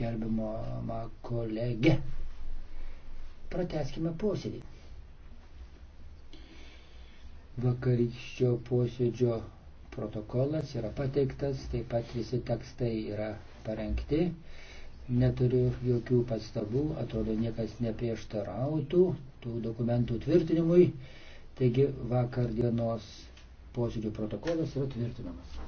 gerbimo kolege. Prateskime posėdį. Vakarykščio posėdžio protokolas yra pateiktas, taip pat visi tekstai yra parengti. Neturiu jokių pastabų, atrodo niekas neprieštarautų tų dokumentų tvirtinimui. Taigi vakar dienos posėdžio protokolas yra tvirtinamas.